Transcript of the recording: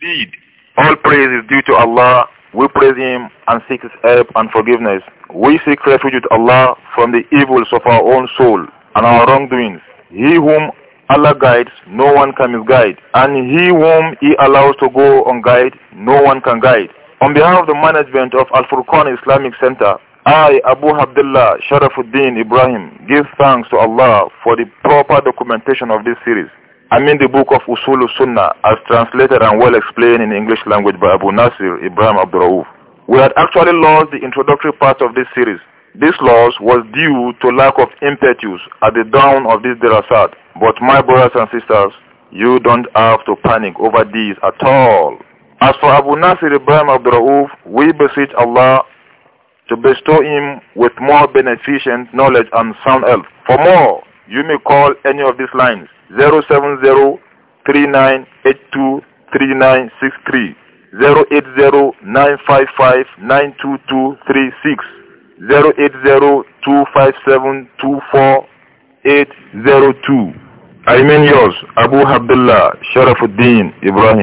Indeed, all praise is due to Allah. We praise Him and seek His help and forgiveness. We seek refuge with Allah from the evils of our own soul and our wrongdoings. He whom Allah guides, no one can misguide. And he whom He allows to go on guide, no one can guide. On behalf of the management of Al-Furqan Islamic Center, I, Abu Abdullah Sharafuddin Ibrahim, give thanks to Allah for the proper documentation of this series. I mean the book of Usul Sunnah as translated and well explained in English language by Abu Nasir Ibrahim Abdurraouf. We had actually lost the introductory part of this series. This loss was due to lack of impetus at the dawn of this Derasad. But my brothers and sisters, you don't have to panic over these at all. As for Abu Nasir Ibrahim Abdurraouf, we beseech Allah to bestow him with more beneficent knowledge and sound health. For more, you may call any of these lines. Zero seven zero three nine eight two three nine six three zero eight zero nine five five nine two two three six zero eight zero two five seven two four eight zero two. I mean yours, Abu Abdullah Sharafuddin Ibrahim.